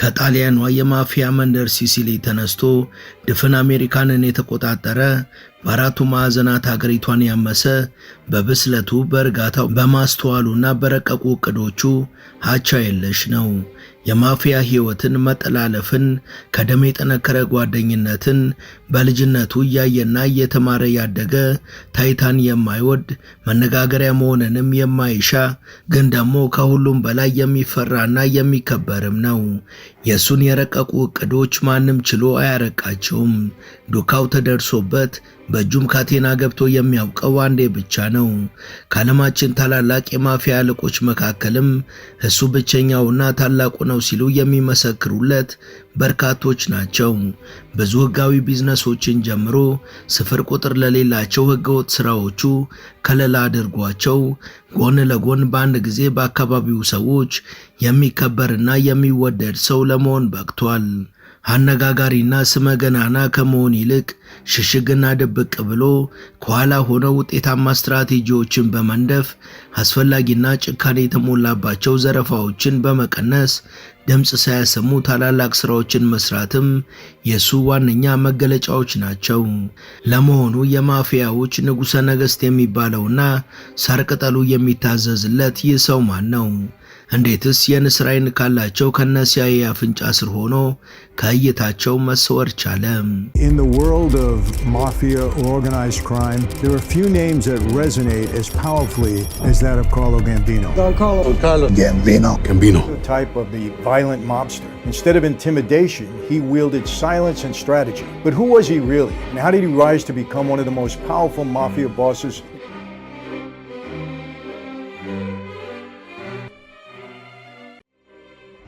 ከጣሊያኗ የማፊያ መንደር ሲሲሊ ተነስቶ ድፍን አሜሪካንን የተቆጣጠረ በአራቱ ማዕዘናት ሀገሪቷን ያመሰ በብስለቱ በእርጋታው በማስተዋሉና በረቀቁ እቅዶቹ አቻ የለሽ ነው። የማፊያ ሕይወትን፣ መጠላለፍን፣ ከደም የጠነከረ ጓደኝነትን በልጅነቱ እያየና እየተማረ ያደገ ታይታን የማይወድ መነጋገሪያ መሆንንም የማይሻ ግን ደግሞ ከሁሉም በላይ የሚፈራና የሚከበርም ነው። የእሱን የረቀቁ እቅዶች ማንም ችሎ አያረቃቸውም። ዱካው ተደርሶበት በእጁም ካቴና ገብቶ የሚያውቀው አንዴ ብቻ ነው። ከዓለማችን ታላላቅ የማፊያ አለቆች መካከልም እሱ ብቸኛውና ታላቁ ነው ሲሉ የሚመሰክሩለት በርካቶች ናቸው። ብዙ ሕጋዊ ቢዝነሶችን ጀምሮ ስፍር ቁጥር ለሌላቸው ሕገወጥ ሥራዎቹ ከለላ አድርጓቸው ጎን ለጎን በአንድ ጊዜ በአካባቢው ሰዎች የሚከበርና የሚወደድ ሰው ለመሆን በቅቷል። አነጋጋሪና ስመገናና ከመሆን ይልቅ ሽሽግና ድብቅ ብሎ ከኋላ ሆነው ውጤታማ ስትራቴጂዎችን በመንደፍ አስፈላጊና ጭካኔ የተሞላባቸው ዘረፋዎችን በመቀነስ ድምፅ ሳያሰሙ ታላላቅ ሥራዎችን መስራትም የሱ ዋነኛ መገለጫዎች ናቸው። ለመሆኑ የማፊያዎች ንጉሠ ነገሥት የሚባለውና ሳር ቅጠሉ የሚታዘዝለት ይህ ሰው ማን ነው? In the world of mafia or organized crime, there are few names that resonate as powerfully as that of Carlo Gambino. Carlo Gambino. Gambino. The type of the violent mobster. Instead of intimidation, he wielded silence and strategy. But who was he really? And how did he rise to become one of the most powerful mafia bosses